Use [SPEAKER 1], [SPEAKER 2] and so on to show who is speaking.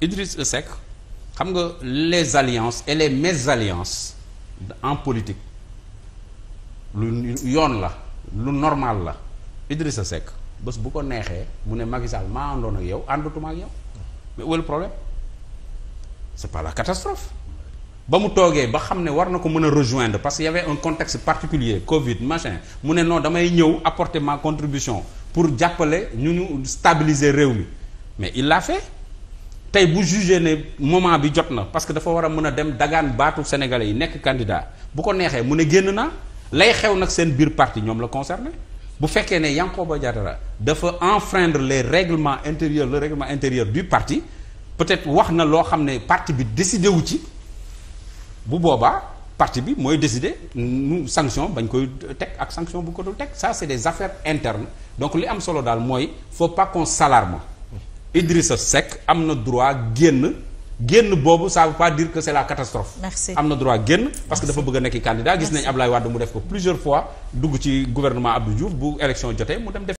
[SPEAKER 1] Idriss Seck xam nga les alliances et les mésalliances en politique lu yoon la lu normal la Idriss Seck bés bu ko neexee mu ne Macky Sall maa àndoon ak yow àndatuma ak yow mais où est le problème c'est pas la catastrophe ba mu toogee ba xam ne war na ko mën a rejoindre parce que y avait un contexte particulier Covid machin mu ne non damay ñëw apporter ma contribution pour jàppale ñu ñu stabiliser réew mi mais il l'a fait tey bu jugee ne moment bi jot na parce que dafa war a mën a dem dagaan baatu sénégalais yi nekk candidat bu ko neexee mu ne génn naa lay xew nag seen biir parti ñoom la conserné bu fekkee ne Yankhoba Diattara dafa enfreindre les règlements intérieurs le règlement intérieur du parti peut-être wax na loo xam ne parti bi décidé wu ci bu boobaa parti bi mooy décidé nu sanction bañ koy teg ak sanction bu ko dul teg ça c'est des affaires internes donc li am solo daal mooy faut pas qu'on s'alarme Idrissa Seck am na droit génn génn boobu ça veut pas dire que c'est la catastrophe. am na droit génn parce que dafa bëgg a nekk candidat gis nañ Ablaye Wade mu def ko plusieurs fois dugg ci gouvernement Abdou Diouf bu élection jotee
[SPEAKER 2] mu dem def.